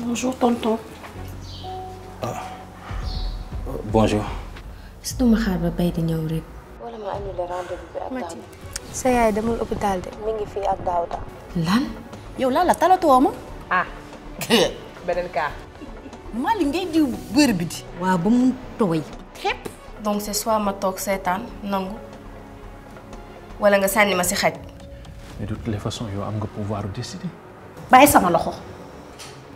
Bonjour, tonton. Ah. bonjour. si duma xaar ba bay di ñëw rek. wala sa yaay demul hôpital de. mi ngi fii ak Daouda. lan. yow lan la talatoo ma. ah. beneen cas. Mali ngay diw bër bi ba mu tooy. xepp. donc c'est soit ma toog seetaan nangu wala nga sànni ma si xaj. mais de toutes les yow am nga pouvoir décider. bàyyi sama loxo.